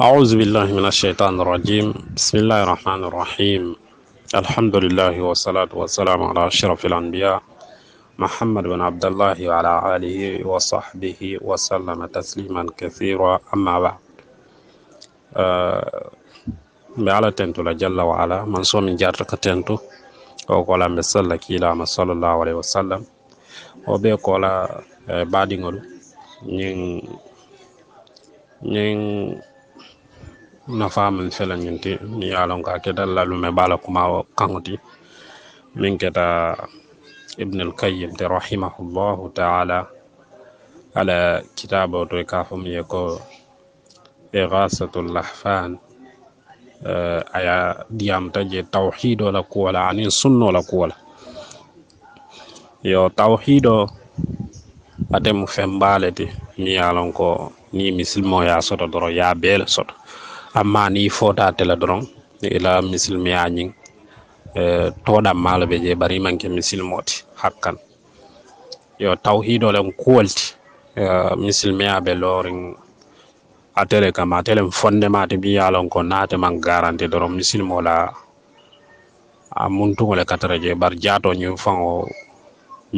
أعوذ بالله من الشيطان الرجيم بسم الله الرحمن الرحيم الحمد لله والصلاة والسلام على أشرف الأنبياء محمد بن عبد الله وعلى آله وصحبه وسلم تسليما كثيرا أما بعد على تنتو لجل وعلا من صوم جارك تنتو وقال مثل كيلا صلى الله عليه وسلم وبيقول بعد نين نين nafamin felanñinti mi yalon ka keta lalume bala kumawo kaŋoti min keta ibn alkayim te rahimahullahu taala ala kitabo to ka fo ye ko igasatul lahfan uh, aya ta je tawhido la kuwola anin sunno la kuwola yo tawhido atem mu fembaale mi yalon ko ni misilimo ya soto doro ya bel soto amani fota tela doron ila misilmiya ñing eh, toɗa mala ɓe je barimanke moti hakkan yo tawhidolen kuwolti misilmiya ɓe lorin atele kam atelen fondemate mbi yalon ko nateman garanti doron la a le katara je bar jaato ñin fan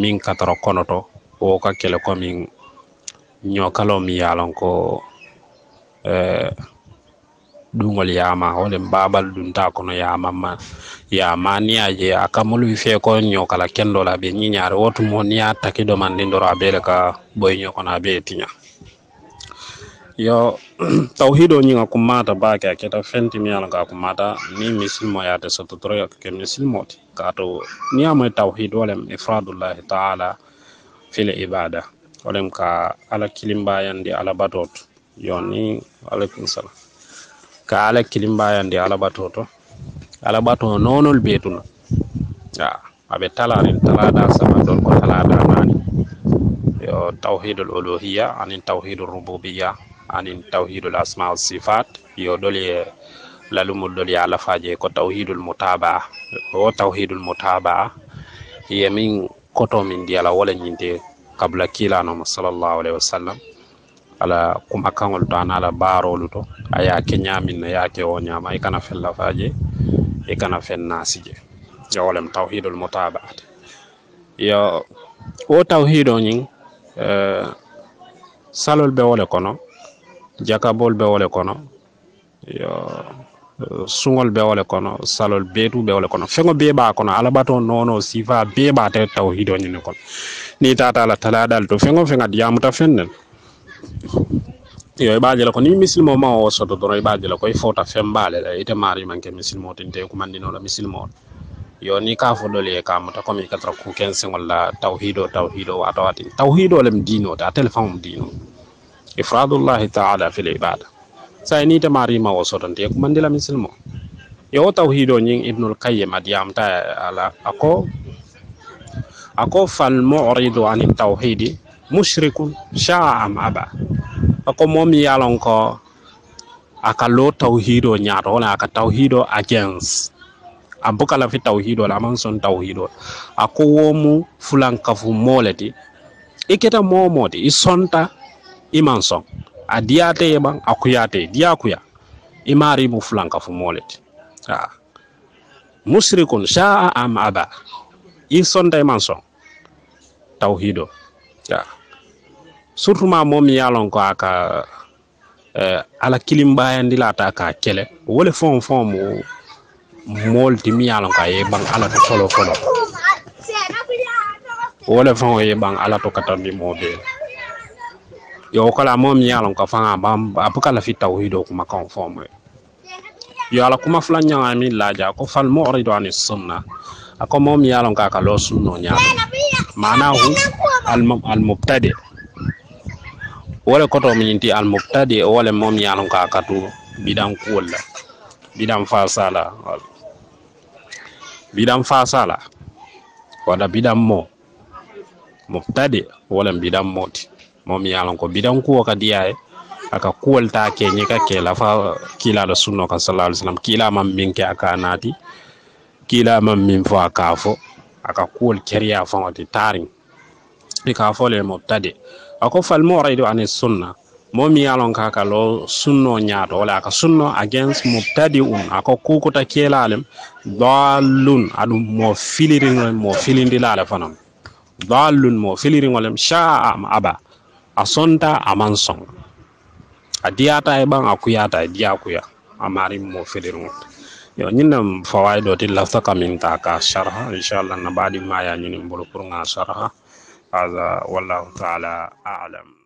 min katara konoto wo ka kele komin ñokalo mi yalon ko eh, dungol yama holen babal dun ta kono yama ma yamamma yamaniyaje a akamul wi fe ko nyo kala kendo la be nyi ɓe ñiñare mo on ya takiɗo man ɗi doro aɓele ka boy nyo kono be tinya yo tawhido nyi mata ñinga kummata baake a keta fentimi yala ga mata ni misil mo misilmo yaate sototoroyo ke misil mo ti ka to kato niyamoye tawhid wolem ifradullah taala fil ibada wolem ka ala kilimba yandi ala batot yoni alaikum salam ka ala kilimbayandi alabato to alabato nonol beetuna a aɓe talarin talada sama ɗon ko talada mani yo tawhidul olohiya anin tawhidul rububiya anin tawhidul asma sifat yo ɗol e lalumol ɗol e alafaji e ko tawhidul mutaba o tawhidul mutaba yemin koto min ndiyala wala ñinte kabla kilanoma sallallahu alayhi wa sallam ala kuma kaŋolu to ana ala baarolu to a ye a ke ñaamin na ye a ke wo ñaama i kana feŋ lafa je i kana feŋ naasi je yo wo lem tawhidul mutabaat yo wo tawhido ñiŋ uh, eh, salol be wo le kono jakabol be wo le kono yo suŋol be wo le kono salol beetu be wo le kono feŋo bee baa kono alabato noono sifa bee baa te tawhido ñiŋ ne kono niŋ i taata la talaadal to feŋo feŋa diyaamuta feŋ ne la yo e ɓaajela ko ni misilmo ma o soto doro e ɓaajela koye fota fembaale ɗa ite maari manke misilmo tin te la misilmoɗo yo ni ka foɗoli e kamuta comme katra katara ku quinze wala tawhido tawhido wa watin tawhido lem dino a telefon dino ifradullah ifradullahi taala fil ibada sa ni te ma o sotonte e kumandila misilmo yo tawhido ñing ibnul qayyim ta ala ako ako fal muridu ani tawhidi mushriku shaa aba ako mom yalon ko aka lo tawhido nyaato wala aka tawhido agens abuka la fi tawhido la man son tawhido ako womu fulan kafu moleti iketa momoti isonta iman son adiyate yeban akuyate diyakuya imari mu fulan kafu moleti ah mushrikun shaa aba isonta iman son tawhido surtout ma moom yalon ko aka uh, ala kilimbayandilata kele wole fon fon mo mi ko ye bang ala to folo folo wole fon ye ala to be yo kala ko tawhido kuma fon mo yo ala kuma fula ñaŋa ko fal ani sunna ako ko aka sunno ñaama maanahu almubtadi wole koto miñinti almubtadi wole mom yalon ka katu bidan kuwol bidan fasala bidan fasala wala bidan mo mubtadi wala bidan moti mom yalon ko bidan kuwo ka diyaye aka kuwol ta keñi ka ke lafa kilala sunno kan sallallahu alaihi wasallam kila man min ke aka naati kila min fo aka fo akakuol keriya faŋo ti taariŋ i ka fo le mubtadi a ko falmoridu ani sunna mo mi ye loŋ ka ka lo sunno ñaato wala a ka sunno against mubtadi un ako kukuta keela lem dallun aɗum moo filiriŋo moo filindila le fanaŋ dallun moo filiriŋo lem shaa am aba a sonta a maŋ soŋ a diyata e ɓaŋ a kuyata e diya kuya a maariŋ moo filiriŋo yo ñinnam fawayɗo ti lafta ta ka sharha inshallah na mbaɗi maya ni mbol pour nga sharha hada wallahu taala alam